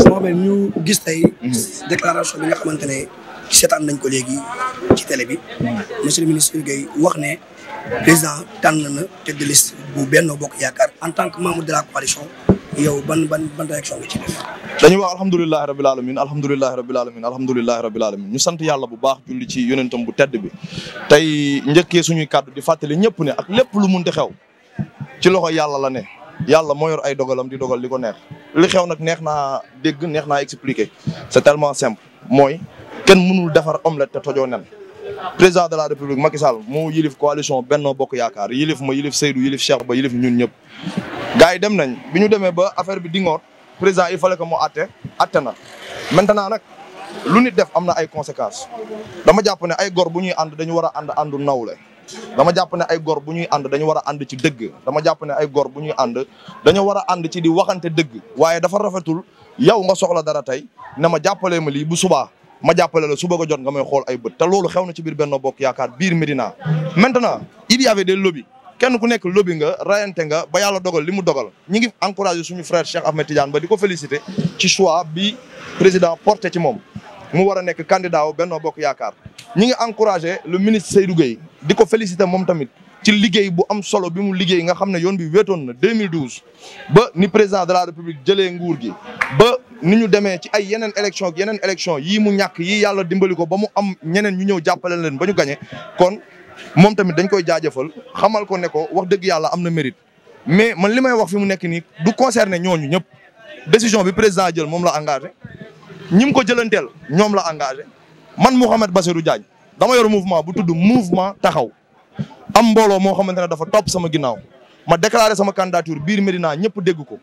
sama benn ñu gis tey mhm. déclaration bi nga xamante ne seetaan nañ ko léegi ci télé bi mhm. monsieur le ministre Guèye wax ne président tànn na tête de liste bu Benno Bokk Yaakaar en tant que membre de la coalition yow ban ban ban réaction ci def dañuy wax alhamdulilahi rabil alamin alhamdulilahi rabil alamin alhamdulilahi rabil alamin ñu sant yàlla bu baax julli ci yonentam bu tedd bi tey njëkkee suñuy kàddu di fàttali ñëpp ne ak lépp lu mun munti xew ci loxo yàlla la ne yàlla moo yor ay dogalam di dogal li ko neex li xew nag neex na dégg neex naa expliquer c'est tellement simple mooy kenn mënul defar omelette te tojoo nen président de la république Macky Sall moo yilif coalition Benno Bokk Yaakaar yilif ma yilif Seydou yilif Cheikh ba yilif ñun ñëpp gars yi dem nañ bi ñu demee ba affaire bi dingoor président il fallait que moo atte atte na maintenant nag lu nit def am na ay conséquences dama jàpp ne ay gor bu ñuy ànd dañu war a ànd àndu nawle dama jàpp ne ay góor bu ñuy ànd dañu war a ànd ci dëgg dama jàpp ne ay góor bu ñuy ànd dañu war a ànd ci di waxante dëgg waaye dafa rafetul yow nga soxla dara tey ne ma jàppalee ma lii bu subaa ma jàppale la suba nga jot nga may xool ay bët te loolu xew na ci biir benn Bokk Yaakaar biir Médina maintenant il y avait des kenn ku nekk lobby nga rayante nga ba yàlla dogal li mu dogal ñi ngi encouragé suñu frère Cheikh Ahmed Tidiane ba di ko félicité ci choix bi président porté ci moom mu war a nekk candidat wu Bokk Yaakaar ñi ngi encouragé le ministre Seydou Gueye di ko félicité moom tamit ci liggéey bu am solo bi mu liggéey nga xam ne yoon bi wéetoon na 2012 ba ni président de la république jëlee nguur gi ba ni ñu demee ci ay yeneen élection ak yeneen élection mu ñàkk yi yàlla dimbali ko ba mu am ñeneen ñu ñëw jàppale leen ba ñu gañe moom tamit dañ koy jaajëfal xamal ko ne ko wax dëgg yàlla am na mérite mais man li may wax fi mu nekk nii du concerné ñooñu ñëpp décision bi président jël moom la engagé ñi mu ko jëlanteel ñoom la engagé man Mouhamed Bassirou jaaj dama yor mouvement bu tudd mouvement taxaw am mbooloo moo xamante ne dafa topp sama ginnaaw ma déclaré sama candidature biir Médina ñëpp dégg ko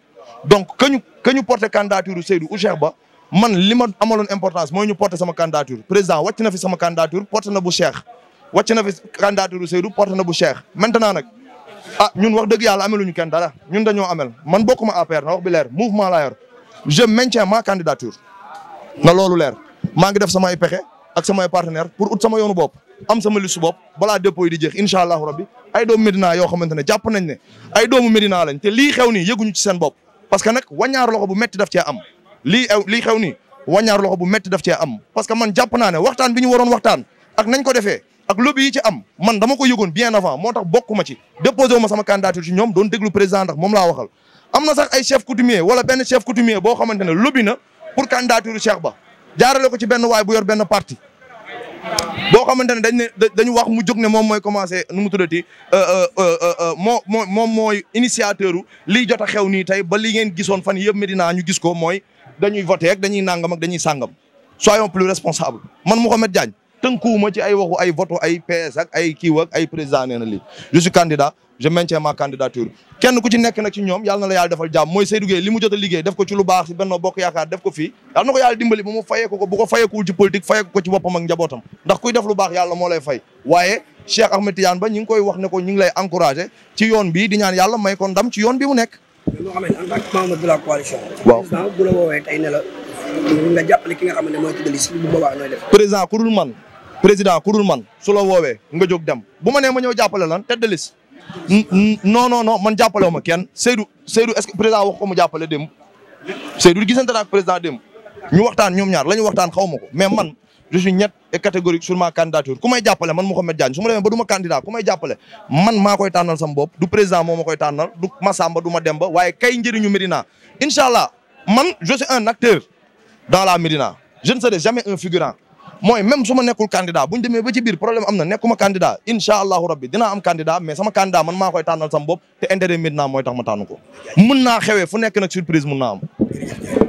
donc que ñu que ñu porté candidature Seydou ou Cheikh Ba man li ma amaloon importance mooy ñu porté sama candidature wàcc na sama candidature porté na bu Cheikh wàcc na fi candidature Seydou porte na bu Cheikh maintenant nag ah ñun wax dëgg yàlla ameluñu kenn dara ñun dañoo amel man bokkuma APR na wax bi leer mouvement laa yor je maintiens ma candidature na loolu leer maa ngi def samay pexe ak sama partenaire pour ut sama yoonu bopp am sama lissu bopp balaa dépôt yi di jeex incha allahu rabbi ay doomu Medina yoo xamante ne jàpp nañ ne ay doomu Medina lañ te lii xew nii yëguñu ci seen bopp parce que nag wañaar loxo bu metti daf cee am li lii xew nii wañaar loxo bu metti daf cee am parce que man jàpp naa ne waxtaan bi ñu waroon waxtaan ak nañ ko defee ak lobby yi ci am man dama ko yëgoon bien avant moo tax bokk ma ci déposé wu ma sama candidature ci ñoom doon déglu président ndax moom laa waxal am na sax ay chef coutumier wala benn chef coutumier boo xamante ne lobby na pour candidature Cheikh Ba jaarale ko ci benn waay bu yor benn parti boo xamante ne dañ ne dañu wax mu jóg ne moom mooy commencé nu mu tuddati euh, euh, euh, moo moo moom mooy initiateur u lii jot a xew nii tey ba li ngeen gisoon fan yëpp Medina ñu gis ko mooy dañuy voté ak dañuy nangam ak dañuy sàngam soyons plus responsables man Mouhamed Diagne tënkuwuma ci ay waxu ay voto ay PS ak ay kiiw ay président nee na li je suis candidat je maintiens ma candidature kenn ku ci nekk nag ci ñoom yàlla na la yàlla defal jàmm mooy Seydou li mu jot a liggéey def ko ci lu baax si Benno Bokk Yaakaar def ko fii yàlla na ko yàlla dimbali ba fayeeku ko bu ko fayeekuwul ci politique fayeeku ko ci boppam njabootam ndax kuy def lu baax moo lay fay waaye Cheikh Ahmed Tidiane Ba ñu ngi koy wax ne ko ñu ngi lay encouragé ci yoon bi di ñaan yàlla may ko ndam ci yoon bi mu nekk loo xam ne en ne la nga jàppale xam ne mooy tuddali si bu boobaa nooy def président président ku dul man su la woowee nga jóg dem bu ma nee ma ñëw jàppale lan tête de liste non man jàppale wu ma kenn Seydou Seydou est-ce que président wax ko mu jàppale démb Seydou gisante naa ak président démb ñu waxtaan ñoom ñaar la ñu waxtaan xaw ma ko mais man je suis ñett et catégorique sur ma candidature ku may jàppale man Mouhamed Diagne su ma demee ba du ma candidat ku may jàppale man maa koy tànnal sam bopp du président moo ma koy tànnal du Massamba du ma Demba waaye kay njëriñu Médina incha allah man je suis un acteur dans la Médina je ne serai jamais un mooy même su ma nekkul candidat bu ñu demee ba ci biir problème am na nekkuma candidat incha allahu rabbi dinaa am candidat mais sama candidat man maa koy tànnal sama bopp te intérêt Médina mooy tax ma tànn ko mun naa xewee fu nekk na surprise mun naa am